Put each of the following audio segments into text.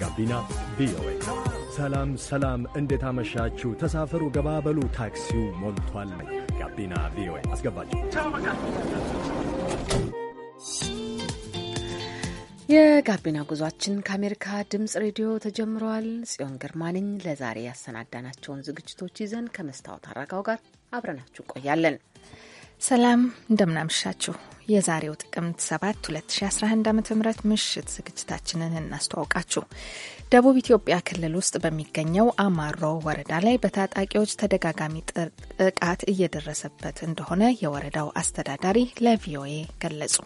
ጋቢና ቪኦኤ። ሰላም ሰላም፣ እንዴት አመሻችሁ? ተሳፈሩ፣ ገባበሉ፣ ታክሲው ሞልቷል። ጋቢና ቪኦኤ አስገባችሁ። የጋቢና ጉዟችን ከአሜሪካ ድምጽ ሬዲዮ ተጀምረዋል። ጽዮን ግርማ ነኝ። ለዛሬ ያሰናዳናቸውን ዝግጅቶች ይዘን ከመስታወት አረጋው ጋር አብረናችሁ ቆያለን። ሰላም እንደምናምሻችሁ። የዛሬው ጥቅምት 7 2011 ዓ ም ምሽት ዝግጅታችንን እናስተዋውቃችሁ። ደቡብ ኢትዮጵያ ክልል ውስጥ በሚገኘው አማሮ ወረዳ ላይ በታጣቂዎች ተደጋጋሚ ጥቃት እየደረሰበት እንደሆነ የወረዳው አስተዳዳሪ ለቪኦኤ ገለጹ።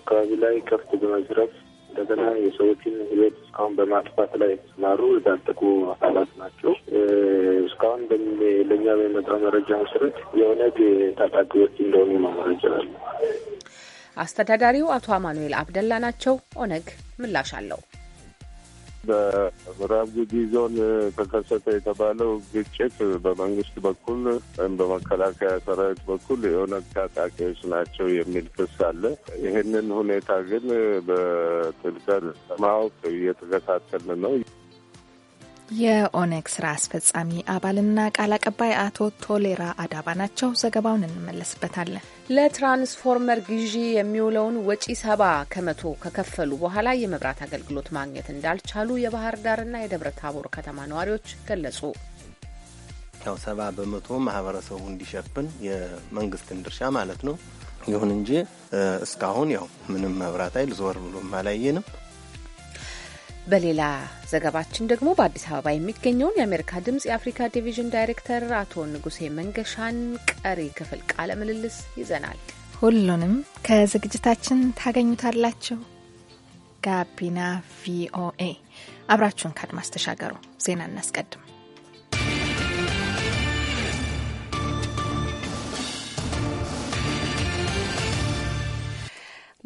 አካባቢ ላይ ከፍት በመዝረፍ እንደገና የሰዎችን ህይወት እስካሁን በማጥፋት ላይ የተሰማሩ የታጠቁ አካላት ናቸው። እስካሁን ለእኛ በሚመጣው መረጃ መሰረት የኦነግ ታጣቂዎች እንደሆኑ ነው መረጃ አለ። አስተዳዳሪው አቶ አማኑኤል አብደላ ናቸው። ኦነግ ምላሽ አለው። በምዕራብ ጉጂ ዞን ተከሰተ የተባለው ግጭት በመንግስት በኩል ወይም በመከላከያ ሰራዊት በኩል የሆነ ታጣቂዎች ናቸው የሚል ክስ አለ። ይህንን ሁኔታ ግን በጥልቀት ማወቅ እየተከታተልን ነው። የኦነግ ስራ አስፈጻሚ አባልና ቃል አቀባይ አቶ ቶሌራ አዳባ ናቸው። ዘገባውን እንመለስበታለን። ለትራንስፎርመር ግዢ የሚውለውን ወጪ ሰባ ከመቶ ከከፈሉ በኋላ የመብራት አገልግሎት ማግኘት እንዳልቻሉ የባህር ዳርና የደብረ ታቦር ከተማ ነዋሪዎች ገለጹ። ያው ሰባ በመቶ ማህበረሰቡ እንዲሸፍን የመንግስትን ድርሻ ማለት ነው። ይሁን እንጂ እስካሁን ያው ምንም መብራት አይል ዞር ብሎ አላየንም። በሌላ ዘገባችን ደግሞ በአዲስ አበባ የሚገኘውን የአሜሪካ ድምጽ የአፍሪካ ዲቪዥን ዳይሬክተር አቶ ንጉሴ መንገሻን ቀሪ ክፍል ቃለ ምልልስ ይዘናል። ሁሉንም ከዝግጅታችን ታገኙታላችሁ። ጋቢና ቪኦኤ አብራችሁን ከአድማስ ተሻገሩ። ዜና እናስቀድም።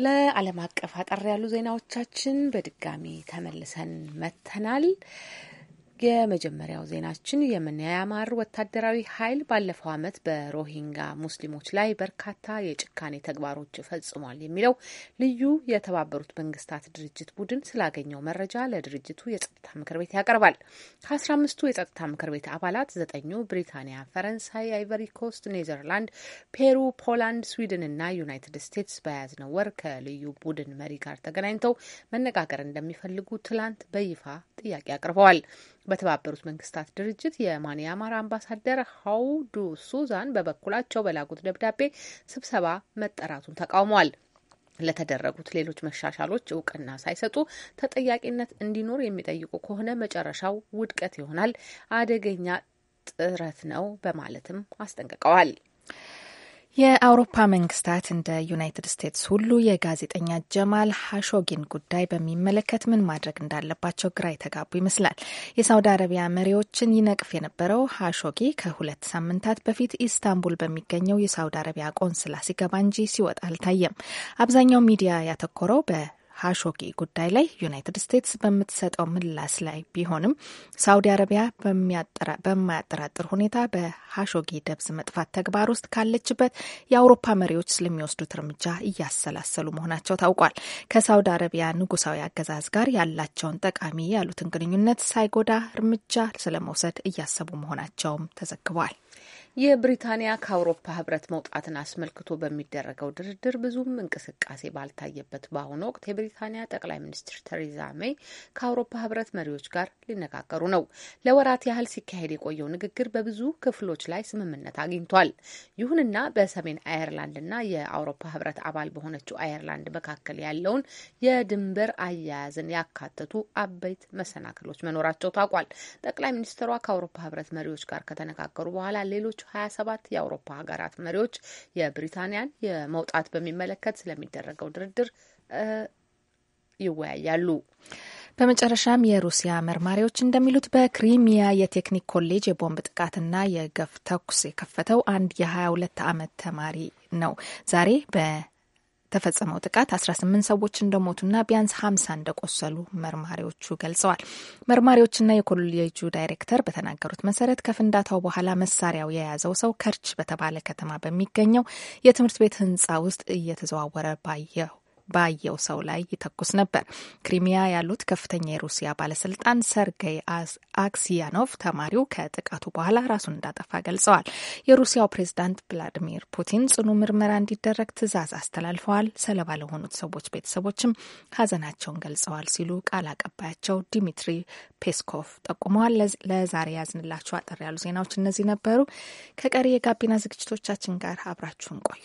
ለዓለም አቀፍ አጠር ያሉ ዜናዎቻችን በድጋሚ ተመልሰን መጥተናል። የመጀመሪያው ዜናችን የምንያማር ወታደራዊ ኃይል ባለፈው ዓመት በሮሂንጋ ሙስሊሞች ላይ በርካታ የጭካኔ ተግባሮች ፈጽሟል የሚለው ልዩ የተባበሩት መንግስታት ድርጅት ቡድን ስላገኘው መረጃ ለድርጅቱ የጸጥታ ምክር ቤት ያቀርባል። ከአስራ አምስቱ የጸጥታ ምክር ቤት አባላት ዘጠኙ ብሪታንያ፣ ፈረንሳይ፣ አይቨሪ ኮስት፣ ኔዘርላንድ፣ ፔሩ፣ ፖላንድ፣ ስዊድን እና ዩናይትድ ስቴትስ በያዝነው ወር ከልዩ ቡድን መሪ ጋር ተገናኝተው መነጋገር እንደሚፈልጉ ትላንት በይፋ ጥያቄ አቅርበዋል። በተባበሩት መንግስታት ድርጅት የማንያማር አምባሳደር ሀውዱ ሱዛን በበኩላቸው በላጉት ደብዳቤ ስብሰባ መጠራቱን ተቃውሟል። ለተደረጉት ሌሎች መሻሻሎች እውቅና ሳይሰጡ ተጠያቂነት እንዲኖር የሚጠይቁ ከሆነ መጨረሻው ውድቀት ይሆናል፣ አደገኛ ጥረት ነው በማለትም አስጠንቅቀዋል። የአውሮፓ መንግስታት እንደ ዩናይትድ ስቴትስ ሁሉ የጋዜጠኛ ጀማል ሀሾጊን ጉዳይ በሚመለከት ምን ማድረግ እንዳለባቸው ግራ የተጋቡ ይመስላል። የሳውዲ አረቢያ መሪዎችን ይነቅፍ የነበረው ሀሾጊ ከሁለት ሳምንታት በፊት ኢስታንቡል በሚገኘው የሳውዲ አረቢያ ቆንስላ ሲገባ እንጂ ሲወጣ አልታየም። አብዛኛው ሚዲያ ያተኮረው ሀሾጊ ጉዳይ ላይ ዩናይትድ ስቴትስ በምትሰጠው ምላስ ላይ ቢሆንም ሳውዲ አረቢያ በማያጠራጥር ሁኔታ በሀሾጊ ደብዝ መጥፋት ተግባር ውስጥ ካለችበት የአውሮፓ መሪዎች ስለሚወስዱት እርምጃ እያሰላሰሉ መሆናቸው ታውቋል። ከሳውዲ አረቢያ ንጉሳዊ አገዛዝ ጋር ያላቸውን ጠቃሚ ያሉትን ግንኙነት ሳይጎዳ እርምጃ ስለመውሰድ እያሰቡ መሆናቸውም ተዘግቧል። የብሪታንያ ከአውሮፓ ህብረት መውጣትን አስመልክቶ በሚደረገው ድርድር ብዙም እንቅስቃሴ ባልታየበት በአሁኑ ወቅት የብሪታንያ ጠቅላይ ሚኒስትር ተሪዛ ሜይ ከአውሮፓ ህብረት መሪዎች ጋር ሊነጋገሩ ነው። ለወራት ያህል ሲካሄድ የቆየው ንግግር በብዙ ክፍሎች ላይ ስምምነት አግኝቷል። ይሁንና በሰሜን አየርላንድና የአውሮፓ ህብረት አባል በሆነችው አየርላንድ መካከል ያለውን የድንበር አያያዝን ያካተቱ አበይት መሰናክሎች መኖራቸው ታውቋል። ጠቅላይ ሚኒስትሯ ከአውሮፓ ህብረት መሪዎች ጋር ከተነጋገሩ በኋላ ሌሎች 27 የአውሮፓ ሀገራት መሪዎች የብሪታንያን የመውጣት በሚመለከት ስለሚደረገው ድርድር ይወያያሉ። በመጨረሻም የሩሲያ መርማሪዎች እንደሚሉት በክሪሚያ የቴክኒክ ኮሌጅ የቦምብ ጥቃትና የገፍ ተኩስ የከፈተው አንድ የ22 ዓመት ተማሪ ነው ዛሬ በ ተፈጸመው ጥቃት 18 ሰዎች እንደሞቱና ቢያንስ 50 እንደቆሰሉ መርማሪዎቹ ገልጸዋል። መርማሪዎችና የኮሌጁ ዳይሬክተር በተናገሩት መሰረት ከፍንዳታው በኋላ መሳሪያው የያዘው ሰው ከርች በተባለ ከተማ በሚገኘው የትምህርት ቤት ህንፃ ውስጥ እየተዘዋወረ ባየው ባየው ሰው ላይ ይተኩስ ነበር። ክሪሚያ ያሉት ከፍተኛ የሩሲያ ባለስልጣን ሰርጌይ አክሲያኖቭ ተማሪው ከጥቃቱ በኋላ ራሱን እንዳጠፋ ገልጸዋል። የሩሲያው ፕሬዝዳንት ቭላዲሚር ፑቲን ጽኑ ምርመራ እንዲደረግ ትዕዛዝ አስተላልፈዋል። ሰለባ ለሆኑት ሰዎች ቤተሰቦችም ሀዘናቸውን ገልጸዋል ሲሉ ቃል አቀባያቸው ዲሚትሪ ፔስኮቭ ጠቁመዋል። ለዛሬ ያዝንላችሁ አጠር ያሉ ዜናዎች እነዚህ ነበሩ። ከቀሪ የጋቢና ዝግጅቶቻችን ጋር አብራችሁን ቆዩ።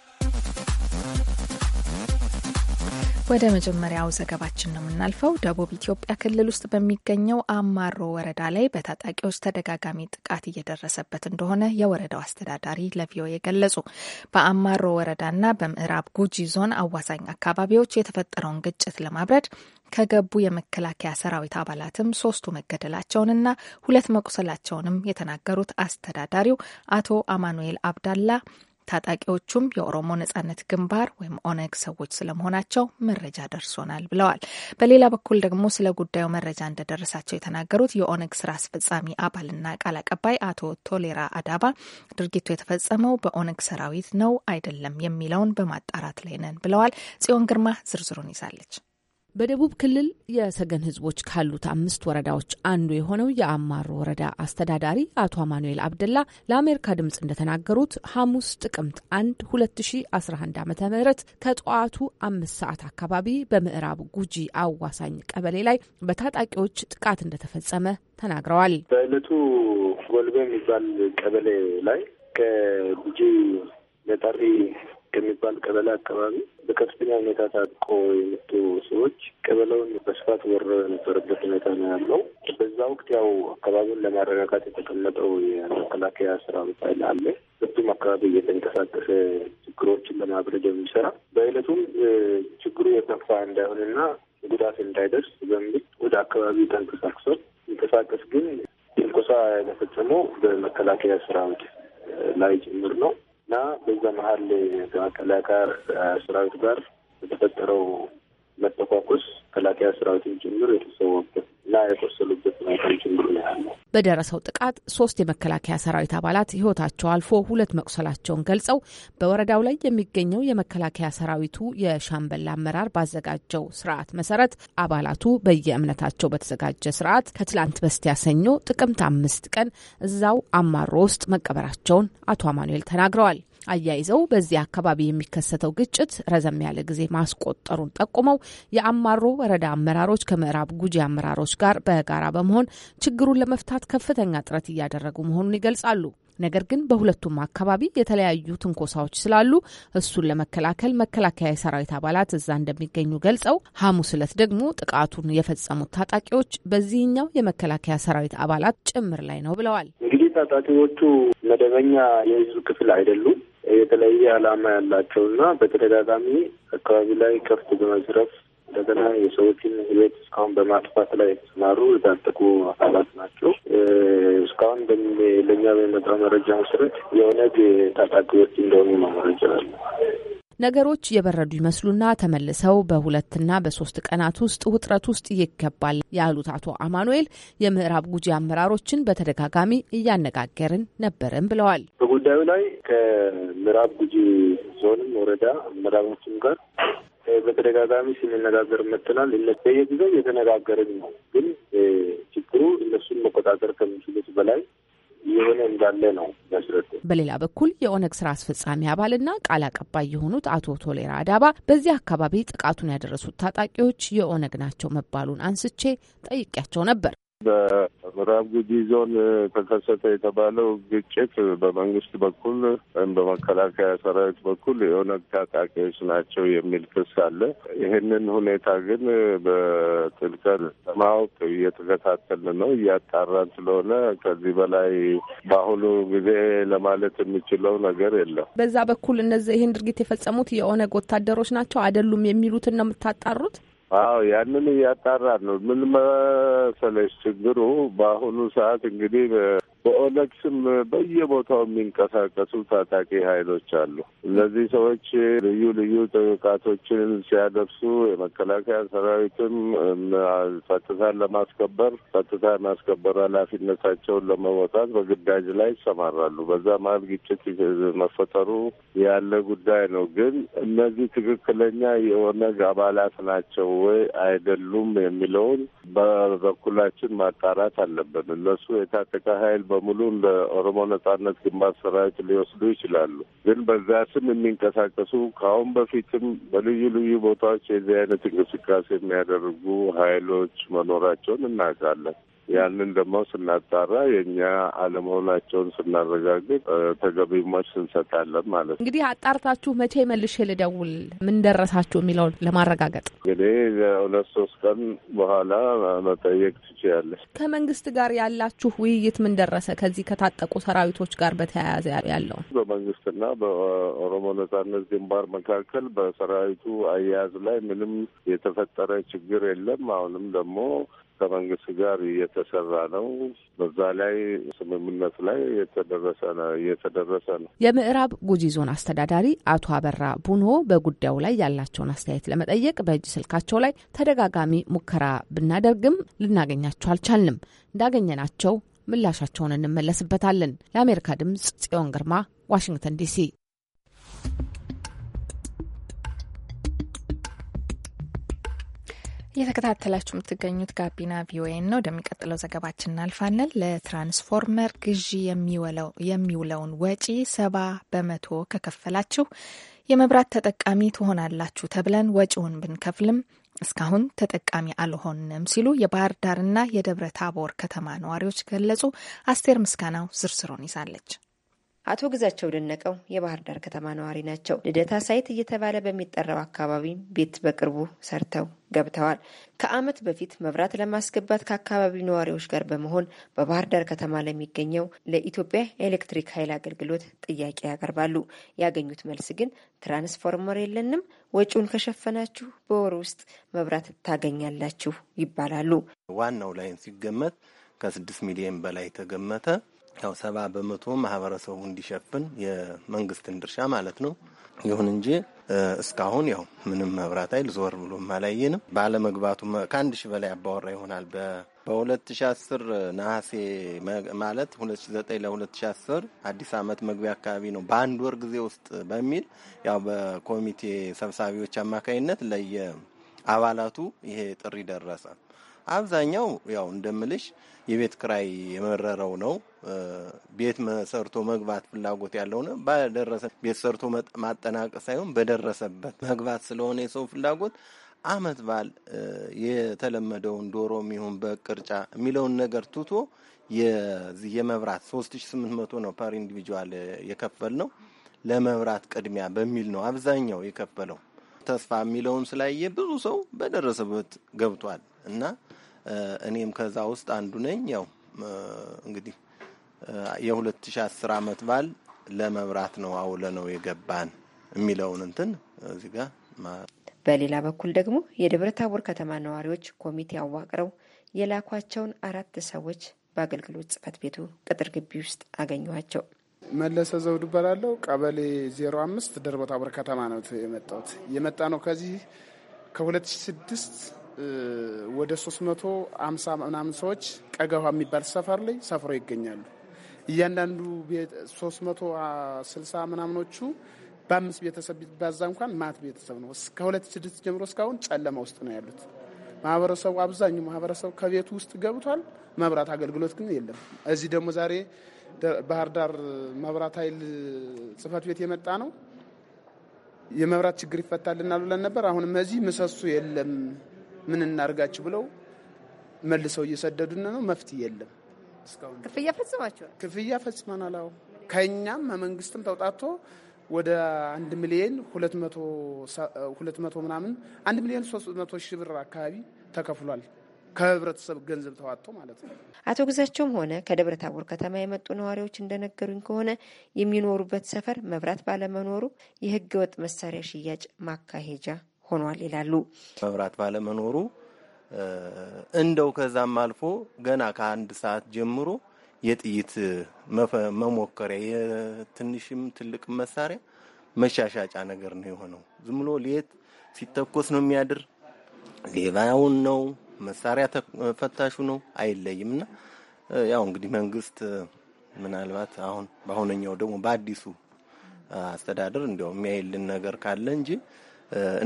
ወደ መጀመሪያው ዘገባችን ነው የምናልፈው። ደቡብ ኢትዮጵያ ክልል ውስጥ በሚገኘው አማሮ ወረዳ ላይ በታጣቂዎች ተደጋጋሚ ጥቃት እየደረሰበት እንደሆነ የወረዳው አስተዳዳሪ ለቪኦኤ ገለጹ። በአማሮ ወረዳና በምዕራብ ጉጂ ዞን አዋሳኝ አካባቢዎች የተፈጠረውን ግጭት ለማብረድ ከገቡ የመከላከያ ሰራዊት አባላትም ሶስቱ መገደላቸውንና ሁለት መቁሰላቸውንም የተናገሩት አስተዳዳሪው አቶ አማኑኤል አብዳላ ታጣቂዎቹም የኦሮሞ ነጻነት ግንባር ወይም ኦነግ ሰዎች ስለመሆናቸው መረጃ ደርሶናል ብለዋል። በሌላ በኩል ደግሞ ስለ ጉዳዩ መረጃ እንደደረሳቸው የተናገሩት የኦነግ ስራ አስፈጻሚ አባልና ቃል አቀባይ አቶ ቶሌራ አዳባ ድርጊቱ የተፈጸመው በኦነግ ሰራዊት ነው አይደለም የሚለውን በማጣራት ላይ ነን ብለዋል። ጽዮን ግርማ ዝርዝሩን ይዛለች። በደቡብ ክልል የሰገን ህዝቦች ካሉት አምስት ወረዳዎች አንዱ የሆነው የአማሮ ወረዳ አስተዳዳሪ አቶ አማኑኤል አብደላ ለአሜሪካ ድምፅ እንደተናገሩት ሐሙስ ጥቅምት 1 2011 ዓ ም ከጠዋቱ አምስት ሰዓት አካባቢ በምዕራብ ጉጂ አዋሳኝ ቀበሌ ላይ በታጣቂዎች ጥቃት እንደተፈጸመ ተናግረዋል። በእለቱ ጎልበ የሚባል ቀበሌ ላይ ከጉጂ ለጠሪ ከሚባል ቀበሌ አካባቢ በከፍተኛ ሁኔታ ታጥቆ የመጡ ሰዎች ቀበለውን በስፋት ወረው የነበረበት ሁኔታ ነው ያለው። በዛ ወቅት ያው አካባቢውን ለማረጋጋት የተቀመጠው የመከላከያ ሰራዊት ኃይል አለ። ሁለቱም አካባቢ እየተንቀሳቀሰ ችግሮችን ለማብረድ የሚሰራ በዕለቱም ችግሩ የከፋ እንዳይሆንና ጉዳት እንዳይደርስ በሚል ወደ አካባቢ ተንቀሳቅሰው ሲንቀሳቀስ ግን ትንኮሳ የተፈጸመው በመከላከያ ሰራዊት ላይ ጭምር ነው። እና በዛ መሀል ከመከላከያ ሰራዊት ጋር የተፈጠረው መተኳኩስ መከላከያ ሰራዊትን ጭምር የተሰዋበት እና የቆሰሉበት ሁኔታ ጭምር ነው ያለው። በደረሰው ጥቃት ሶስት የመከላከያ ሰራዊት አባላት ህይወታቸው አልፎ ሁለት መቁሰላቸውን ገልጸው በወረዳው ላይ የሚገኘው የመከላከያ ሰራዊቱ የሻምበላ አመራር ባዘጋጀው ስርዓት መሰረት አባላቱ በየእምነታቸው በተዘጋጀ ስርዓት ከትላንት በስቲያ ሰኞ ጥቅምት አምስት ቀን እዛው አማሮ ውስጥ መቀበራቸውን አቶ አማኑኤል ተናግረዋል። አያይዘው በዚህ አካባቢ የሚከሰተው ግጭት ረዘም ያለ ጊዜ ማስቆጠሩን ጠቁመው የአማሮ ወረዳ አመራሮች ከምዕራብ ጉጂ አመራሮች ጋር በጋራ በመሆን ችግሩን ለመፍታት ከፍተኛ ጥረት እያደረጉ መሆኑን ይገልጻሉ። ነገር ግን በሁለቱም አካባቢ የተለያዩ ትንኮሳዎች ስላሉ እሱን ለመከላከል መከላከያ የሰራዊት አባላት እዛ እንደሚገኙ ገልጸው ሐሙስ ዕለት ደግሞ ጥቃቱን የፈጸሙት ታጣቂዎች በዚህኛው የመከላከያ ሰራዊት አባላት ጭምር ላይ ነው ብለዋል። እንግዲህ ታጣቂዎቹ መደበኛ የህዝብ ክፍል አይደሉም። የተለያየ ዓላማ ያላቸው እና በተደጋጋሚ አካባቢ ላይ ከፍት በመዝረፍ እንደገና የሰዎችን ሕይወት እስካሁን በማጥፋት ላይ የተሰማሩ የታጠቁ አካላት ናቸው። እስካሁን ለእኛ በሚመጣው መረጃ መሰረት የኦነግ ታጣቂዎች እንደሆኑ ነው መረጃ ያለ ነገሮች የበረዱ ይመስሉና ተመልሰው በሁለትና በሶስት ቀናት ውስጥ ውጥረት ውስጥ ይገባል ያሉት አቶ አማኑኤል የምዕራብ ጉጂ አመራሮችን በተደጋጋሚ እያነጋገርን ነበርም ብለዋል። በጉዳዩ ላይ ከምዕራብ ጉጂ ዞንም ወረዳ አመራሮችም ጋር በተደጋጋሚ ስንነጋገር መጥተናል። በየጊዜው እየተነጋገርን ነው። ግን ችግሩ እነሱን መቆጣጠር ከሚችሉት በላይ የሆነ እንዳለ ነው መስረቱ። በሌላ በኩል የኦነግ ስራ አስፈጻሚ አባልና ቃል አቀባይ የሆኑት አቶ ቶሌራ አዳባ በዚህ አካባቢ ጥቃቱን ያደረሱት ታጣቂዎች የኦነግ ናቸው መባሉን አንስቼ ጠይቄያቸው ነበር። በምዕራብ ጉጂ ዞን ተከሰተ የተባለው ግጭት በመንግስት በኩል ወይም በመከላከያ ሰራዊት በኩል የሆነ ታጣቂዎች ናቸው የሚል ክስ አለ። ይህንን ሁኔታ ግን በጥልቀት ለማወቅ እየተከታተልን ነው፣ እያጣራን ስለሆነ ከዚህ በላይ በአሁኑ ጊዜ ለማለት የሚችለው ነገር የለም። በዛ በኩል እነዚህ ይህን ድርጊት የፈጸሙት የኦነግ ወታደሮች ናቸው አይደሉም የሚሉትን ነው የምታጣሩት? አዎ ያንን እያጣራ ነው። ምን መሰለሽ ችግሩ በአሁኑ ሰዓት እንግዲህ በኦነግ ስም በየቦታው የሚንቀሳቀሱ ታጣቂ ኃይሎች አሉ። እነዚህ ሰዎች ልዩ ልዩ ጥቃቶችን ሲያደርሱ የመከላከያ ሰራዊትም ጸጥታን ለማስከበር ጸጥታ የማስከበር ኃላፊነታቸውን ለመወጣት በግዳጅ ላይ ይሰማራሉ። በዛ መሀል ግጭት መፈጠሩ ያለ ጉዳይ ነው። ግን እነዚህ ትክክለኛ የኦነግ አባላት ናቸው ወይ አይደሉም የሚለውን በበኩላችን ማጣራት አለብን። እነሱ የታጠቀ ኃይል በሙሉ ለኦሮሞ ነጻነት ግንባር ሰራዊት ሊወስዱ ይችላሉ። ግን በዛ ስም የሚንቀሳቀሱ ከአሁን በፊትም በልዩ ልዩ ቦታዎች የዚህ አይነት እንቅስቃሴ የሚያደርጉ ኃይሎች መኖራቸውን እናውቃለን። ያንን ደግሞ ስናጣራ የእኛ አለመሆናቸውን ስናረጋግጥ ተገቢ ሟች ስንሰጣለን ማለት ነው። እንግዲህ አጣርታችሁ መቼ መልሼ ልደውል ምን ደረሳችሁ የሚለውን ለማረጋገጥ እንግዲህ ሁለት ሶስት ቀን በኋላ መጠየቅ ትችያለሽ። ከመንግስት ጋር ያላችሁ ውይይት ምን ደረሰ? ከዚህ ከታጠቁ ሰራዊቶች ጋር በተያያዘ ያለው በመንግስትና በኦሮሞ ነጻነት ግንባር መካከል በሰራዊቱ አያያዝ ላይ ምንም የተፈጠረ ችግር የለም። አሁንም ደግሞ ከመንግስት ጋር እየተሰራ ነው። በዛ ላይ ስምምነት ላይ የተደረሰ እየተደረሰ ነው። የምዕራብ ጉጂ ዞን አስተዳዳሪ አቶ አበራ ቡኖ በጉዳዩ ላይ ያላቸውን አስተያየት ለመጠየቅ በእጅ ስልካቸው ላይ ተደጋጋሚ ሙከራ ብናደርግም ልናገኛቸው አልቻልንም። እንዳገኘናቸው ምላሻቸውን እንመለስበታለን። ለአሜሪካ ድምጽ ጽዮን ግርማ ዋሽንግተን ዲሲ እየተከታተላችሁ የምትገኙት ጋቢና ቪኦኤ ነው። ወደሚቀጥለው ዘገባችን እናልፋለን። ለትራንስፎርመር ግዢ የሚውለውን ወጪ ሰባ በመቶ ከከፈላችሁ የመብራት ተጠቃሚ ትሆናላችሁ ተብለን ወጪውን ብንከፍልም እስካሁን ተጠቃሚ አልሆንም ሲሉ የባህር ዳርና የደብረ ታቦር ከተማ ነዋሪዎች ገለጹ። አስቴር ምስጋናው ዝርዝሩን ይዛለች። አቶ ግዛቸው ደነቀው የባህር ዳር ከተማ ነዋሪ ናቸው። ልደታ ሳይት እየተባለ በሚጠራው አካባቢ ቤት በቅርቡ ሰርተው ገብተዋል። ከዓመት በፊት መብራት ለማስገባት ከአካባቢው ነዋሪዎች ጋር በመሆን በባህር ዳር ከተማ ለሚገኘው ለኢትዮጵያ ኤሌክትሪክ ኃይል አገልግሎት ጥያቄ ያቀርባሉ። ያገኙት መልስ ግን ትራንስፎርመር የለንም፣ ወጪውን ከሸፈናችሁ በወር ውስጥ መብራት ታገኛላችሁ ይባላሉ። ዋናው ላይን ሲገመት ከስድስት ሚሊዮን በላይ ተገመተ። ያው ሰባ በመቶ ማህበረሰቡ እንዲሸፍን የመንግስትን ድርሻ ማለት ነው። ይሁን እንጂ እስካሁን ያው ምንም መብራት አይል ዞር ብሎ አላየንም። ባለመግባቱ ከአንድ ሺህ በላይ አባወራ ይሆናል። በ2010 ነሐሴ ማለት 2009 ለ2010 አዲስ ዓመት መግቢያ አካባቢ ነው በአንድ ወር ጊዜ ውስጥ በሚል ያው በኮሚቴ ሰብሳቢዎች አማካኝነት ለየ አባላቱ ይሄ ጥሪ ደረሰ። አብዛኛው ያው እንደምልሽ የቤት ክራይ የመረረው ነው ቤት መሰርቶ መግባት ፍላጎት ያለውነ ባደረሰ ቤት ሰርቶ ማጠናቀቅ ሳይሆን በደረሰበት መግባት ስለሆነ የሰው ፍላጎት አመት በዓል የተለመደውን ዶሮ የሚሆን በቅርጫ የሚለውን ነገር ትቶ የዚህ የመብራት መቶ ነው ፐር ኢንዲቪጁዋል የከፈል ነው ለመብራት ቅድሚያ በሚል ነው አብዛኛው የከፈለው። ተስፋ የሚለውን ስላየ ብዙ ሰው በደረሰበት ገብቷል እና እኔም ከዛ ውስጥ አንዱ ነኝ። ያው እንግዲህ የ2010 ዓመት በዓል ለመብራት ነው አውለ ነው የገባን የሚለውን እንትን እዚህ ጋር በሌላ በኩል ደግሞ የደብረ ታቦር ከተማ ነዋሪዎች ኮሚቴ አዋቅረው የላኳቸውን አራት ሰዎች በአገልግሎት ጽህፈት ቤቱ ቅጥር ግቢ ውስጥ አገኘኋቸው። መለሰ ዘውዱ እባላለሁ። ቀበሌ 05 ደብረ ታቦር ከተማ ነው የመጣሁት። የመጣ ነው ከዚህ ከ2006 ወደ 350 ምናምን ሰዎች ቀገሃ የሚባል ሰፈር ላይ ሰፍሮ ይገኛሉ። እያንዳንዱ ሶስት መቶ ምናምኖቹ በአምስት ቤተሰብ ቢባዛ እንኳን ማት ቤተሰብ ነው። ከሁለት ስድስት ጀምሮ እስካሁን ጨለማ ውስጥ ነው ያሉት። ማህበረሰቡ አብዛኛው ማህበረሰብ ከቤቱ ውስጥ ገብቷል። መብራት አገልግሎት ግን የለም። እዚህ ደግሞ ዛሬ ባህር ዳር መብራት ኃይል ጽህፈት ቤት የመጣ ነው የመብራት ችግር ይፈታልናል ብለን ነበር። አሁንም እዚህ ምሰሶ የለም ምን እናርጋችሁ ብለው መልሰው እየሰደዱን ነው። መፍትሄ የለም። እስካሁን ክፍያ ፈጽማቸዋል። ክፍያ ፈጽመናል። አዎ ከእኛም መንግስትም ተውጣቶ ወደ አንድ ሚሊየን ሁለት መቶ ምናምን አንድ ሚሊዮን ሶስት መቶ ሺህ ብር አካባቢ ተከፍሏል። ከህብረተሰብ ገንዘብ ተዋጥቶ ማለት ነው። አቶ ግዛቸውም ሆነ ከደብረ ታቦር ከተማ የመጡ ነዋሪዎች እንደነገሩኝ ከሆነ የሚኖሩበት ሰፈር መብራት ባለመኖሩ የህገ ወጥ መሳሪያ ሽያጭ ማካሄጃ ሆኗል ይላሉ። መብራት ባለመኖሩ እንደው ከዛም አልፎ ገና ከአንድ ሰዓት ጀምሮ የጥይት መሞከሪያ የትንሽም ትልቅ መሳሪያ መሻሻጫ ነገር ነው የሆነው። ዝም ብሎ ሌት ሲተኮስ ነው የሚያድር። ሌባውን ነው መሳሪያ ፈታሹ ነው አይለይም። እና ያው እንግዲህ መንግስት ምናልባት አሁን በአሁነኛው ደግሞ በአዲሱ አስተዳደር እንዲያው የሚያይልን ነገር ካለ እንጂ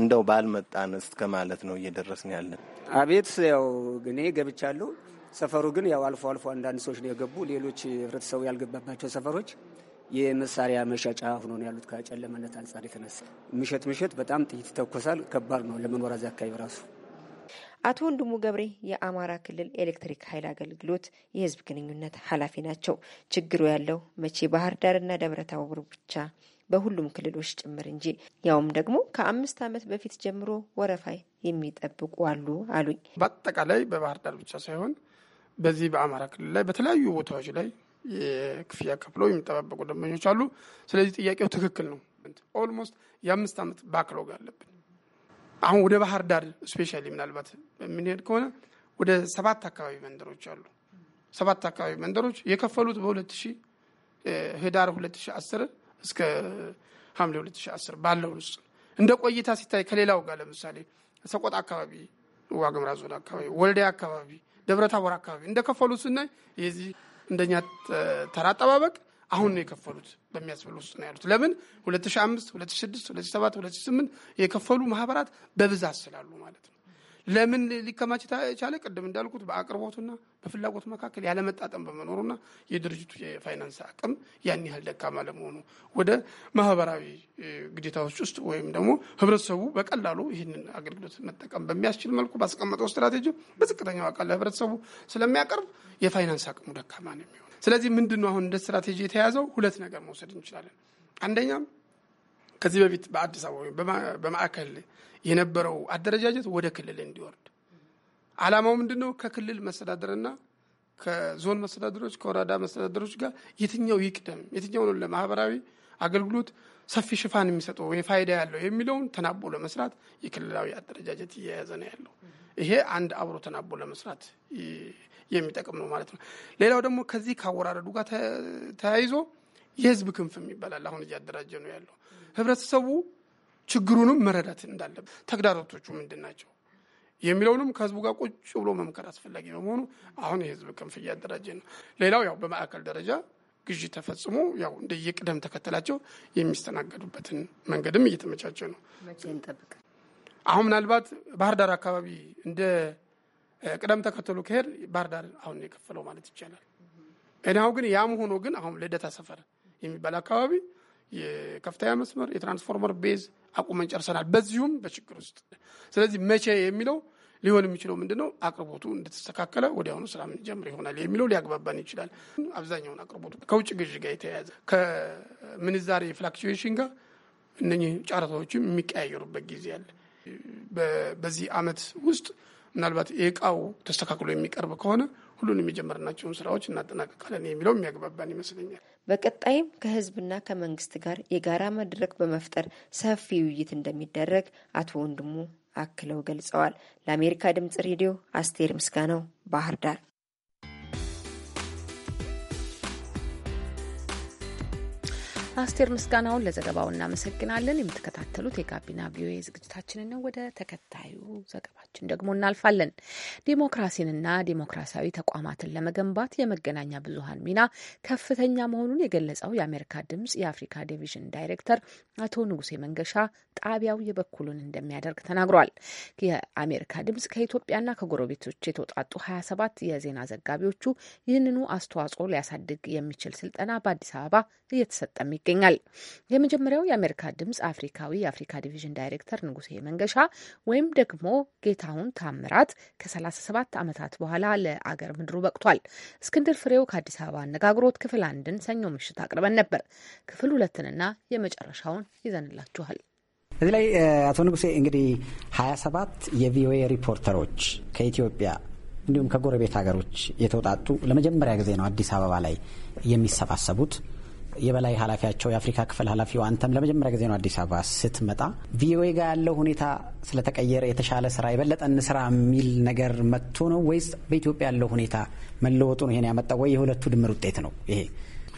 እንደው ባልመጣን እስከ ማለት ነው እየደረስን ያለን። አቤት ያው እኔ ገብቻለሁ። ሰፈሩ ግን ያው አልፎ አልፎ አንዳንድ ሰዎች ነው የገቡ። ሌሎች ህብረተሰቡ ያልገባባቸው ሰፈሮች የመሳሪያ መሸጫ ሆኖ ነው ያሉት። ከጨለመነት አንጻር የተነሳ ምሸት ምሸት በጣም ጥይት ይተኮሳል። ከባድ ነው ለመኖር እዚያ አካባቢ ራሱ። አቶ ወንድሙ ገብሬ የአማራ ክልል ኤሌክትሪክ ኃይል አገልግሎት የህዝብ ግንኙነት ኃላፊ ናቸው። ችግሩ ያለው መቼ ባህር ዳርና ደብረ ታቦር ብቻ በሁሉም ክልሎች ጭምር እንጂ ያውም ደግሞ ከአምስት ዓመት በፊት ጀምሮ ወረፋይ የሚጠብቁ አሉ አሉኝ። በአጠቃላይ በባህር ዳር ብቻ ሳይሆን በዚህ በአማራ ክልል ላይ በተለያዩ ቦታዎች ላይ የክፍያ ከፍለው የሚጠባበቁ ደንበኞች አሉ። ስለዚህ ጥያቄው ትክክል ነው። ኦልሞስት የአምስት ዓመት ባክሎግ አለብን። አሁን ወደ ባህር ዳር ስፔሻሊ ምናልባት የምንሄድ ከሆነ ወደ ሰባት አካባቢ መንደሮች አሉ። ሰባት አካባቢ መንደሮች የከፈሉት በ ሺህ ህዳር 2010 እስከ ሐምሌ 2010 ባለው ውስጥ እንደ ቆይታ ሲታይ ከሌላው ጋር ለምሳሌ ሰቆጣ አካባቢ፣ ዋግምራ ዞን አካባቢ፣ ወልዲያ አካባቢ፣ ደብረታቦር አካባቢ እንደከፈሉ ስናይ የዚህ እንደኛ ተራ አጠባበቅ አሁን ነው የከፈሉት በሚያስብል ውስጥ ነው ያሉት። ለምን 2005፣ 2006፣ 2007፣ 2008 የከፈሉ ማህበራት በብዛት ስላሉ ማለት ነው። ለምን ሊከማች ቻለ? ቅድም እንዳልኩት በአቅርቦቱና በፍላጎት መካከል ያለመጣጠም በመኖሩና የድርጅቱ የፋይናንስ አቅም ያን ያህል ደካማ ለመሆኑ ወደ ማህበራዊ ግዴታዎች ውስጥ ወይም ደግሞ ህብረተሰቡ በቀላሉ ይህንን አገልግሎት መጠቀም በሚያስችል መልኩ ባስቀመጠው ስትራቴጂ በዝቅተኛው አቃል ለህብረተሰቡ ስለሚያቀርብ የፋይናንስ አቅሙ ደካማ ነው የሚሆነው። ስለዚህ ምንድን ነው አሁን እንደ ስትራቴጂ የተያዘው? ሁለት ነገር መውሰድ እንችላለን። አንደኛም ከዚህ በፊት በአዲስ አበባ በማዕከል የነበረው አደረጃጀት ወደ ክልል እንዲወርድ ዓላማው ምንድን ነው? ከክልል መስተዳደርና ከዞን መስተዳደሮች ከወረዳ መስተዳደሮች ጋር የትኛው ይቅደም፣ የትኛው ነው ለማህበራዊ አገልግሎት ሰፊ ሽፋን የሚሰጠው ወይ ፋይዳ ያለው የሚለውን ተናቦ ለመስራት የክልላዊ አደረጃጀት እየያዘ ነው ያለው። ይሄ አንድ አብሮ ተናቦ ለመስራት የሚጠቅም ነው ማለት ነው። ሌላው ደግሞ ከዚህ ከአወራረዱ ጋር ተያይዞ የህዝብ ክንፍ ይባላል። አሁን እያደራጀ ነው ያለው ህብረተሰቡ ችግሩንም መረዳት እንዳለበት ተግዳሮቶቹ ምንድን ናቸው የሚለውንም ከህዝቡ ጋር ቁጭ ብሎ መምከር አስፈላጊ በመሆኑ አሁን የህዝብ ክንፍ እያደራጀ ነው። ሌላው ያው በማዕከል ደረጃ ግዢ ተፈጽሞ ያው እንደየቅደም ተከተላቸው የሚስተናገዱበትን መንገድም እየተመቻቸ ነው። አሁን ምናልባት ባህር ዳር አካባቢ እንደ ቅደም ተከተሉ ከሄድ ባህር ዳር አሁን የከፈለው ማለት ይቻላል። እኔ አሁን ግን ያም ሆኖ ግን አሁን ልደታ ሰፈር የሚባል አካባቢ የከፍተኛ መስመር የትራንስፎርመር ቤዝ አቁመን ጨርሰናል። በዚሁም በችግር ውስጥ ስለዚህ መቼ የሚለው ሊሆን የሚችለው ምንድን ነው? አቅርቦቱ እንደተስተካከለ ወዲያውኑ ስራ ምንጀምር ይሆናል የሚለው ሊያግባባን ይችላል። አብዛኛውን አቅርቦቱ ከውጭ ግዥ ጋር የተያያዘ ከምንዛሬ ፍላክቹዌሽን ጋር እነኚህ ጨረታዎችም የሚቀያየሩበት ጊዜ አለ። በዚህ አመት ውስጥ ምናልባት የእቃው ተስተካክሎ የሚቀርብ ከሆነ ሁሉንም የጀመርናቸውን ስራዎች እናጠናቀቃለን የሚለው የሚያግባባን ይመስለኛል። በቀጣይም ከህዝብና ከመንግስት ጋር የጋራ መድረክ በመፍጠር ሰፊ ውይይት እንደሚደረግ አቶ ወንድሙ አክለው ገልጸዋል። ለአሜሪካ ድምጽ ሬዲዮ አስቴር ምስጋናው ባህር ዳር አስቴር ምስጋናውን ለዘገባው እናመሰግናለን። የምትከታተሉት የጋቢና ቪኦኤ ዝግጅታችንን ነው። ወደ ተከታዩ ዘገባችን ደግሞ እናልፋለን። ዲሞክራሲንና ዲሞክራሲያዊ ተቋማትን ለመገንባት የመገናኛ ብዙሀን ሚና ከፍተኛ መሆኑን የገለጸው የአሜሪካ ድምጽ የአፍሪካ ዲቪዥን ዳይሬክተር አቶ ንጉሴ መንገሻ ጣቢያው የበኩሉን እንደሚያደርግ ተናግሯል። የአሜሪካ ድምጽ ከኢትዮጵያና ከጎረቤቶች የተውጣጡ 27 የዜና ዘጋቢዎቹ ይህንኑ አስተዋጽኦ ሊያሳድግ የሚችል ስልጠና በአዲስ አበባ እየተሰጠ ይገኛል። የመጀመሪያው የአሜሪካ ድምጽ አፍሪካዊ የአፍሪካ ዲቪዥን ዳይሬክተር ንጉሴ መንገሻ ወይም ደግሞ ጌታሁን ታምራት ከ37 ዓመታት በኋላ ለአገር ምድሩ በቅቷል። እስክንድር ፍሬው ከአዲስ አበባ አነጋግሮት ክፍል አንድን ሰኞ ምሽት አቅርበን ነበር። ክፍል ሁለትንና የመጨረሻውን ይዘንላችኋል። እዚህ ላይ አቶ ንጉሴ እንግዲህ 27 ሰባት የቪኦኤ ሪፖርተሮች ከኢትዮጵያ እንዲሁም ከጎረቤት ሀገሮች የተውጣጡ ለመጀመሪያ ጊዜ ነው አዲስ አበባ ላይ የሚሰባሰቡት። የበላይ ኃላፊያቸው የአፍሪካ ክፍል ኃላፊው አንተም ለመጀመሪያ ጊዜ ነው አዲስ አበባ ስትመጣ ቪኦኤ ጋር ያለው ሁኔታ ስለተቀየረ የተሻለ ስራ የበለጠን ስራ የሚል ነገር መጥቶ ነው ወይስ በኢትዮጵያ ያለው ሁኔታ መለወጡ ነው ይሄን ያመጣው ወይ የሁለቱ ድምር ውጤት ነው ይሄ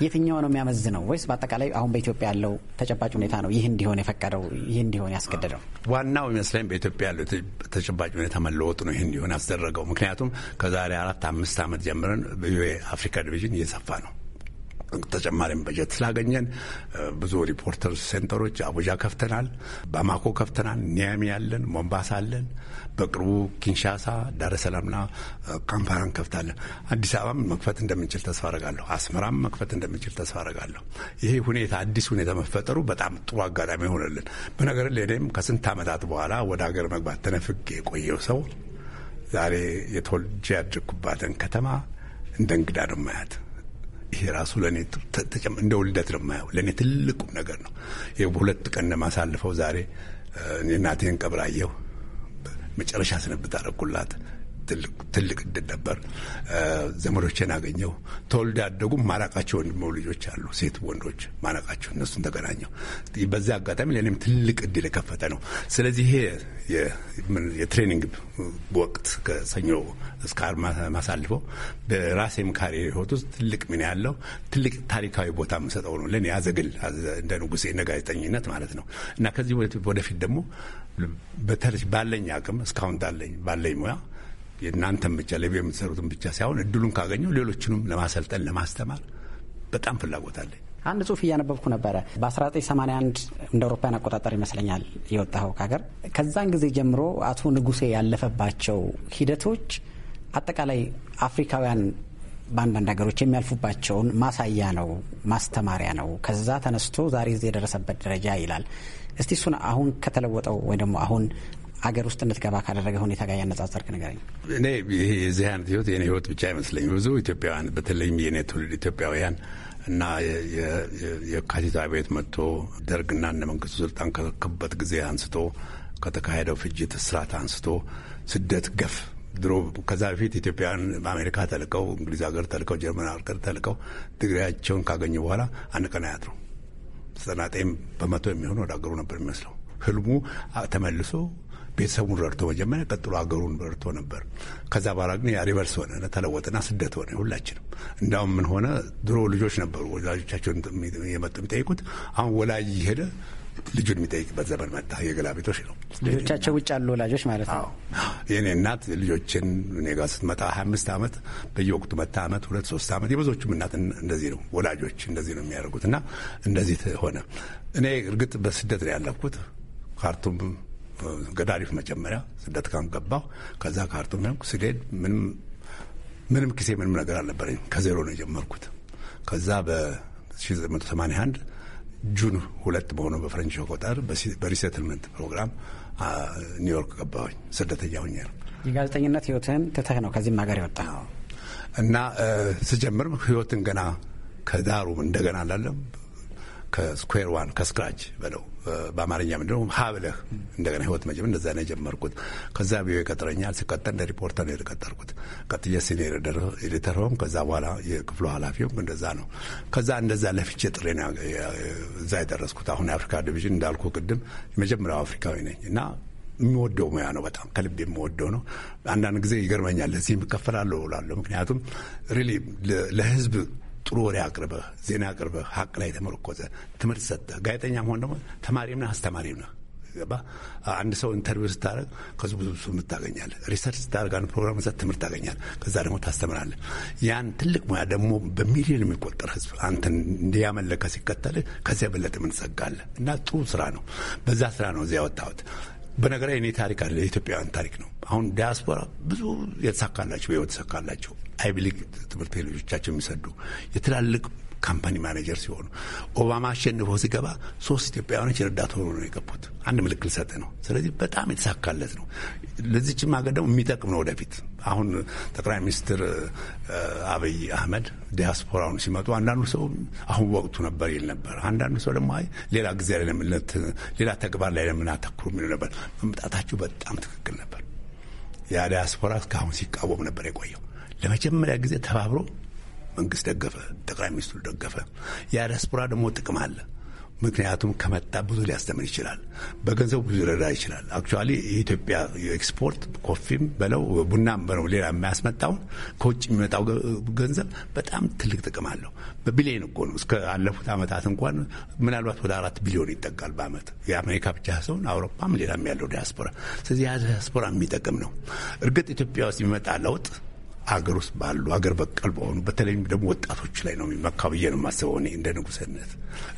የትኛው ነው ነው ወይስ በአጠቃላይ አሁን በኢትዮጵያ ያለው ተጨባጭ ሁኔታ ነው ይህ እንዲሆን የፈቀደው ይህ እንዲሆን ያስገደደው? ዋናው ይመስለኝ በኢትዮጵያ ያለው ተጨባጭ ሁኔታ መለወጡ ነው ይህ እንዲሆን ያስደረገው። ምክንያቱም ከዛሬ አራት አምስት ዓመት ጀምረን በአፍሪካ ዲቪዥን እየሰፋ ነው ተጨማሪም በጀት ስላገኘን ብዙ ሪፖርተር ሴንተሮች አቡጃ ከፍተናል፣ ባማኮ ከፍተናል፣ ኒያሚ አለን፣ ሞምባሳ አለን፣ በቅርቡ ኪንሻሳ፣ ዳረሰላምና ካምፓላን ከፍታለን። አዲስ አበባም መክፈት እንደምንችል ተስፋ አረጋለሁ። አስመራም መክፈት እንደምንችል ተስፋ አረጋለሁ። ይሄ ሁኔታ አዲስ ሁኔታ መፈጠሩ በጣም ጥሩ አጋጣሚ ሆነልን። በነገር ለእኔም ከስንት ዓመታት በኋላ ወደ ሀገር መግባት ተነፍግ የቆየው ሰው ዛሬ የተወልጄ ያደግኩባትን ከተማ እንደ እንግዳ ነው ማያት። ይሄ ራሱ ለእኔ እንደ ውልደት ነው የማየው። ለእኔ ትልቁም ነገር ነው። ይኸው በሁለት ቀን ማሳልፈው ዛሬ እናቴን ቀብራየሁ መጨረሻ ስንብት አደረኩላት። ትልቅ እድል ነበር። ዘመዶቼን አገኘው። ተወልደ ያደጉ ማላቃቸው ወንድሞ ልጆች አሉ፣ ሴት ወንዶች ማላቃቸው፣ እነሱን ተገናኘው። በዛ አጋጣሚ ለእኔም ትልቅ እድል የከፈተ ነው። ስለዚህ ይሄ የትሬኒንግ ወቅት ከሰኞ እስከ ዓርብ ማሳልፈው በራሴም ካሪ ህይወት ውስጥ ትልቅ ሚና ያለው ትልቅ ታሪካዊ ቦታ የምሰጠው ነው ለእኔ ያዘግል እንደ ንጉሴ እንደ ጋዜጠኝነት ማለት ነው እና ከዚህ ወደፊት ደግሞ ባለኝ አቅም እስካሁን ባለኝ ሙያ የእናንተን ብቻ ለቤ የምትሰሩትን ብቻ ሳይሆን እድሉን ካገኘው ሌሎችንም ለማሰልጠን ለማስተማር በጣም ፍላጎት አለኝ። አንድ ጽሁፍ እያነበብኩ ነበረ። በ1981 እንደ አውሮፓውያን አቆጣጠር ይመስለኛል የወጣኸው ከሀገር። ከዛን ጊዜ ጀምሮ አቶ ንጉሴ ያለፈባቸው ሂደቶች አጠቃላይ አፍሪካውያን በአንዳንድ ሀገሮች የሚያልፉባቸውን ማሳያ ነው፣ ማስተማሪያ ነው። ከዛ ተነስቶ ዛሬ እዚህ የደረሰበት ደረጃ ይላል። እስቲ እሱን አሁን ከተለወጠው ወይ ደግሞ አሁን አገር ውስጥ እንድትገባ ካደረገ ሁኔታ ጋር ያነጻጸርክ ንገረኝ። እኔ ይህ የዚህ አይነት ህይወት የኔ ህይወት ብቻ አይመስለኝ። ብዙ ኢትዮጵያውያን በተለይም የእኔ ትውልድ ኢትዮጵያውያን እና የካቲት አብዮት መጥቶ ደርግና እነ መንግስቱ ስልጣን ከረከቡበት ጊዜ አንስቶ ከተካሄደው ፍጅት፣ እስራት አንስቶ ስደት፣ ገፍ ድሮ ከዛ በፊት ኢትዮጵያውያን በአሜሪካ ተልቀው እንግሊዝ ሀገር ተልቀው ጀርመን ሀገር ተልቀው ድግሪያቸውን ካገኙ በኋላ አንድ ቀን አያድሩ። ዘጠና ዘጠኝ በመቶ የሚሆኑ ወደ አገሩ ነበር የሚመስለው ህልሙ ተመልሶ ቤተሰቡን ረድቶ መጀመሪያ፣ ቀጥሎ ሀገሩን ረድቶ ነበር። ከዛ በኋላ ግን ያ ሪቨርስ ሆነ፣ ተለወጥና ስደት ሆነ ሁላችንም። እንዳውም ምን ሆነ፣ ድሮ ልጆች ነበሩ ወላጆቻቸውን የመጡ የሚጠይቁት፣ አሁን ወላጅ እየሄደ ልጁን የሚጠይቅበት ዘመን መጣ። የገላ ቤቶች ነው ልጆቻቸው ውጭ ያሉ ወላጆች ማለት ነው። የእኔ እናት ልጆችን እኔ ጋር ስትመጣ ሀያ አምስት ዓመት በየወቅቱ መታ ዓመት ሁለት ሶስት ዓመት የብዙዎቹም እናት እንደዚህ ነው። ወላጆች እንደዚህ ነው የሚያደርጉት እና እንደዚህ ሆነ። እኔ እርግጥ በስደት ነው ያለኩት ካርቱም ገዳሪፍ መጀመሪያ ስደት ካምፕ ገባሁ። ከዛ ካርቱም ስሄድ ምንም ምንም ጊዜ ምንም ነገር አልነበረኝ። ከዜሮ ነው የጀመርኩት። ከዛ በ1981 ጁን ሁለት በሆነው በፈረንጅ ቆጠር በሪሴትልመንት ፕሮግራም ኒውዮርክ ገባሁኝ ስደተኛ ሁኝ ነው። የጋዜጠኝነት ህይወትህን ትተህ ነው ከዚህም ሀገር የወጣ እና ስጀምርም ህይወትን ገና ከዳሩ እንደገና አላለም ከስኩዌር ዋን ከስክራች በለው በአማርኛ ምንድነው ሀብለህ እንደገና ህይወት መጀመር እንደዛ ነው የጀመርኩት። ከዛ ቢሆ ይቀጥረኛል። ሲቀጠል እንደ ሪፖርተር ነው የተቀጠርኩት። ቀጥዬ ሲኒየር ኤዲተር ሆንኩ። ከዛ በኋላ የክፍሉ ኃላፊውም እንደዛ ነው። ከዛ እንደዛ ለፍቼ ጥሬ ነው እዛ የደረስኩት። አሁን የአፍሪካ ዲቪዥን እንዳልኩ ቅድም የመጀመሪያው አፍሪካዊ ነኝ እና የሚወደው ሙያ ነው። በጣም ከልብ የሚወደው ነው። አንዳንድ ጊዜ ይገርመኛል። ለዚህ እከፈላለሁ እላለሁ። ምክንያቱም ሪሊ ለህዝብ ጥሩ ወሬ አቅርበህ ዜና አቅርበህ ሀቅ ላይ ተመርኮዘ ትምህርት ሰጥተህ ጋዜጠኛ መሆን ደግሞ ተማሪም ነህ አስተማሪም ነህ። ገባ አንድ ሰው ኢንተርቪው ስታደርግ ከዙ ብዙ ብዙ ታገኛለህ። ሪሰርች ስታደርግ አንድ ፕሮግራም ሰት ትምህርት ታገኛለህ። ከዛ ደግሞ ታስተምራለ ያን ትልቅ ሙያ ደግሞ በሚሊዮን የሚቆጠር ህዝብ አንተን እንዲያመለከ ሲከተል ከዚያ በለጥ ምንጸጋለ እና ጥሩ ስራ ነው። በዛ ስራ ነው እዚያ ወጣሁት በነገራዊ እኔ ታሪክ አለ የኢትዮጵያውያን ታሪክ ነው። አሁን ዲያስፖራ ብዙ የተሳካላቸው በህይወት የተሳካላቸው አይቪ ሊግ ትምህርት ቤት ልጆቻቸው የሚሰዱ የትላልቅ ካምፓኒ ማኔጀር ሲሆኑ ኦባማ አሸንፎ ሲገባ ሶስት ኢትዮጵያውያኖች የረዳት ሆኖ ነው የገቡት። አንድ ምልክል ሰጥ ነው። ስለዚህ በጣም የተሳካለት ነው። ለዚችም ሀገር ደግሞ የሚጠቅም ነው ወደፊት። አሁን ጠቅላይ ሚኒስትር አብይ አህመድ ዲያስፖራውን ሲመጡ አንዳንዱ ሰው አሁን ወቅቱ ነበር ይል ነበር። አንዳንዱ ሰው ደግሞ አይ ሌላ ጊዜ ለምነት ሌላ ተግባር ላይ ለምን አተኩሩ የሚሉ ነበር። መምጣታቸው በጣም ትክክል ነበር። ያ ዲያስፖራ እስካሁን ሲቃወም ነበር የቆየው። ለመጀመሪያ ጊዜ ተባብሮ መንግስት ደገፈ፣ ጠቅላይ ሚኒስትሩ ደገፈ። የዲያስፖራ ደግሞ ጥቅም አለ። ምክንያቱም ከመጣ ብዙ ሊያስተምር ይችላል። በገንዘቡ ብዙ ሊረዳ ይችላል። አክቹዋሊ የኢትዮጵያ ኤክስፖርት ኮፊም በለው ቡናም በለው ሌላ የሚያስመጣውን ከውጭ የሚመጣው ገንዘብ በጣም ትልቅ ጥቅም አለው። በቢሊዮን እኮ ነው። እስከ አለፉት ዓመታት እንኳን ምናልባት ወደ አራት ቢሊዮን ይጠጋል በዓመት የአሜሪካ ብቻ ሰውን አውሮፓም ሌላም ያለው ዲያስፖራ። ስለዚህ ያ ዲያስፖራ የሚጠቅም ነው። እርግጥ ኢትዮጵያ ውስጥ የሚመጣ ለውጥ አገር ውስጥ ባሉ አገር በቀል በሆኑ በተለይም ደግሞ ወጣቶች ላይ ነው የሚመካው ብዬ ነው የማስበው እኔ እንደ ንጉሰነት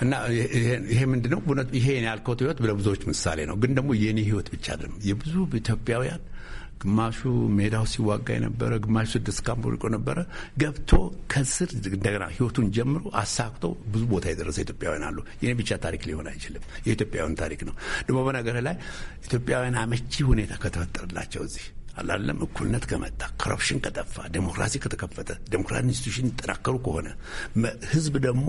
እና ይሄ ምንድን ነው ይሄ ያልከው ህይወት ለብዙዎች ምሳሌ ነው። ግን ደግሞ የኔ ህይወት ብቻ አይደለም። የብዙ ኢትዮጵያውያን ግማሹ ሜዳው ሲዋጋ የነበረ ግማሹ ስድስት ካምፕ ወድቆ ነበረ ገብቶ ከስር እንደገና ህይወቱን ጀምሮ አሳክቶ ብዙ ቦታ የደረሰ ኢትዮጵያውያን አሉ። የኔ ብቻ ታሪክ ሊሆን አይችልም። የኢትዮጵያውያን ታሪክ ነው። ደግሞ በነገር ላይ ኢትዮጵያውያን አመቺ ሁኔታ ከተፈጠረላቸው እዚህ አላለም እኩልነት ከመጣ ኮረፕሽን ከጠፋ ዴሞክራሲ ከተከፈተ ዴሞክራሲ ኢንስቲቱሽን ይጠናከሩ ከሆነ ህዝብ ደግሞ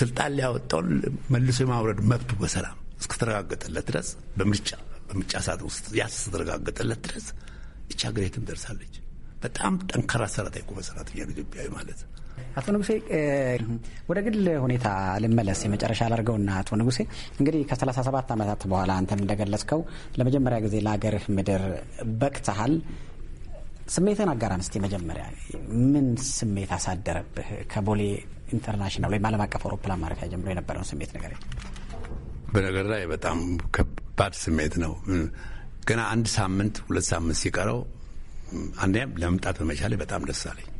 ስልጣን ሊያወጣውን መልሶ የማውረድ መብቱ በሰላም እስከተረጋገጠለት ድረስ በምርጫ በምርጫ ሰዓት ውስጥ ያስ ተረጋገጠለት ድረስ ይህች ሀገር የትም ደርሳለች። በጣም ጠንካራ ሰራተኛ እኮ በሰራተኛ ኢትዮጵያዊ ማለት ነው። አቶ ንጉሴ ወደ ግል ሁኔታ ልመለስ የመጨረሻ ላድርገውና አቶ ንጉሴ እንግዲህ ከ37 ዓመታት በኋላ አንተን እንደገለጽከው ለመጀመሪያ ጊዜ ለሀገርህ ምድር በቅተሃል። ስሜትን አጋራን እስቲ። መጀመሪያ ምን ስሜት አሳደረብህ? ከቦሌ ኢንተርናሽናል ወይም አለም አቀፍ አውሮፕላን ማረፊያ ጀምሮ የነበረውን ስሜት ነገር። በነገር ላይ በጣም ከባድ ስሜት ነው። ገና አንድ ሳምንት ሁለት ሳምንት ሲቀረው አንደኛም ለመምጣት በመቻሌ በጣም ደስ አለኝ።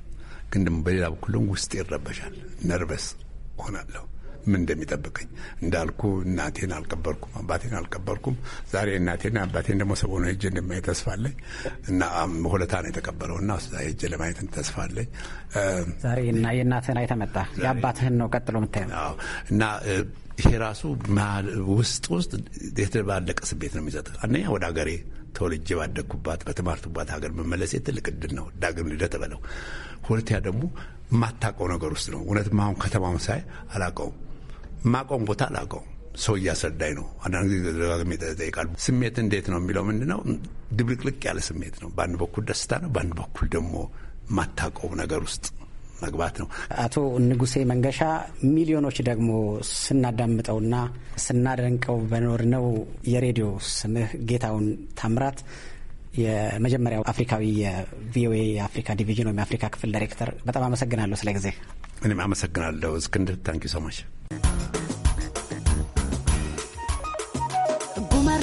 ግን ደግሞ በሌላ በኩል ደግሞ ውስጥ ይረበሻል፣ ነርቨስ ሆናለሁ። ምን እንደሚጠብቀኝ እንዳልኩ እናቴን አልቀበርኩም፣ አባቴን አልቀበርኩም። ዛሬ እናቴና አባቴን ደግሞ ሰቦ ነው ሄጄ እንደማየት ተስፋ አለኝ እና ሁለታ ነው የተቀበረው እና ሄጄ ለማየት ተስፋ አለኝ። ዛሬ የእናትህን አይተመጣ የአባትህን ነው ቀጥሎ የምታየው እና ይሄ ራሱ ውስጥ ውስጥ የተባለቀ ስሜት ነው የሚሰጥ። አንደኛ ወደ ሀገሬ ተወልጄ ባደግኩባት በተማርኩባት ሀገር መመለሴ ትልቅ እድል ነው። ዳግም ልደት በለው ሁለተኛ ደግሞ ማታቀው ነገር ውስጥ ነው። እውነትም አሁን ከተማውን ሳይ አላውቀውም፣ የማውቀውን ቦታ አላቀው ሰው እያስረዳኝ ነው። አንዳንድ ጊዜ ደጋግሜ ጠይቃል። ስሜት እንዴት ነው የሚለው ምንድን ነው? ድብልቅልቅ ያለ ስሜት ነው። በአንድ በኩል ደስታ ነው፣ በአንድ በኩል ደግሞ ማታቀው ነገር ውስጥ መግባት ነው። አቶ ንጉሴ መንገሻ፣ ሚሊዮኖች ደግሞ ስናዳምጠውና ስናደንቀው በኖር ነው የሬዲዮ ስምህ ጌታውን ታምራት የመጀመሪያው አፍሪካዊ የቪኦኤ የአፍሪካ ዲቪዥን ወይም የአፍሪካ ክፍል ዳይሬክተር፣ በጣም አመሰግናለሁ ስለ ጊዜ። እኔም አመሰግናለሁ እስክንድር። ታንኪ ሶማች ጉማር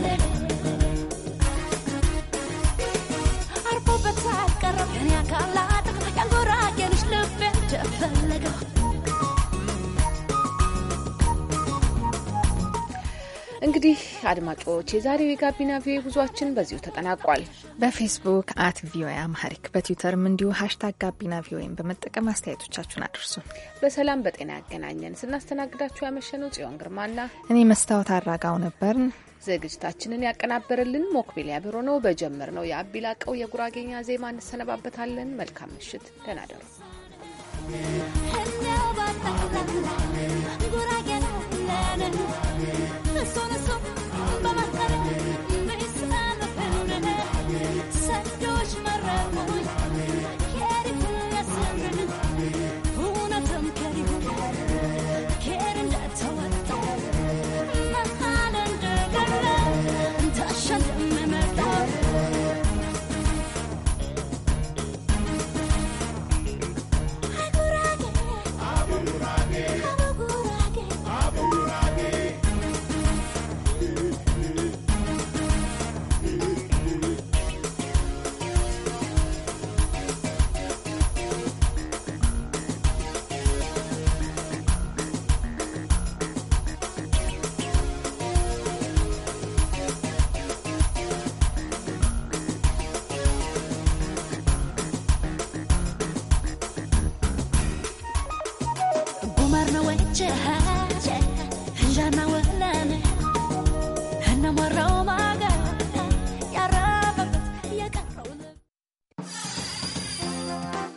I'm አድማጮች፣ የዛሬው የጋቢና ቪኦኤ ጉዟችን በዚሁ ተጠናቋል። በፌስቡክ አት ቪኦኤ አማሪክ በትዊተርም እንዲሁ ሀሽታግ ጋቢና ቪኦኤን በመጠቀም አስተያየቶቻችሁን አድርሱ። በሰላም በጤና ያገናኘን። ስናስተናግዳችሁ ያመሸነው ጽዮን ግርማና እኔ መስታወት አራጋው ነበርን። ዝግጅታችንን ያቀናበረልን ሞክቢል ያብሮ ነው። በጀምር ነው የአቢላቀው የጉራጌኛ ዜማ እንሰነባበታለን። መልካም ምሽት፣ ደህና ደሩ። ጉራጌ ነው ለንን